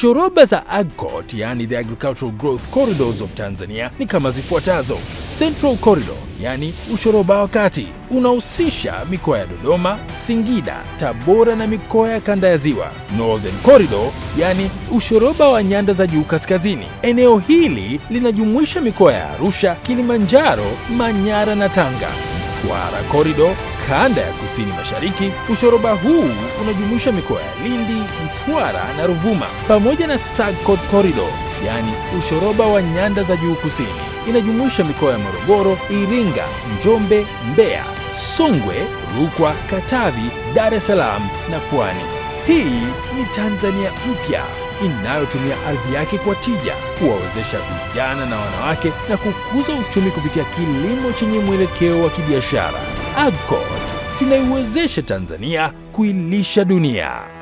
Shoroba za AGCOT, yani the Agricultural Growth Corridors of Tanzania ni kama zifuatazo. Central Corridor, yani ushoroba wa kati, unahusisha mikoa ya Dodoma, Singida, Tabora na mikoa ya kanda ya Ziwa. Northern Corridor, yani ushoroba wa nyanda za juu kaskazini. Eneo hili linajumuisha mikoa ya Arusha, Kilimanjaro, Manyara na Tanga. Mtwara Corridor kanda ya kusini mashariki, ushoroba huu unajumuisha mikoa ya Lindi, Mtwara na Ruvuma pamoja na SAGCOT corridor, yaani ushoroba wa nyanda za juu kusini. Inajumuisha mikoa ya Morogoro, Iringa, Njombe, Mbeya, Songwe, Rukwa, Katavi, Dar es Salaam na Pwani. Hii ni Tanzania mpya inayotumia ardhi yake kwa tija kuwawezesha vijana na wanawake na kukuza uchumi kupitia kilimo chenye mwelekeo wa kibiashara. AGCOT tunaiwezesha Tanzania kuilisha dunia.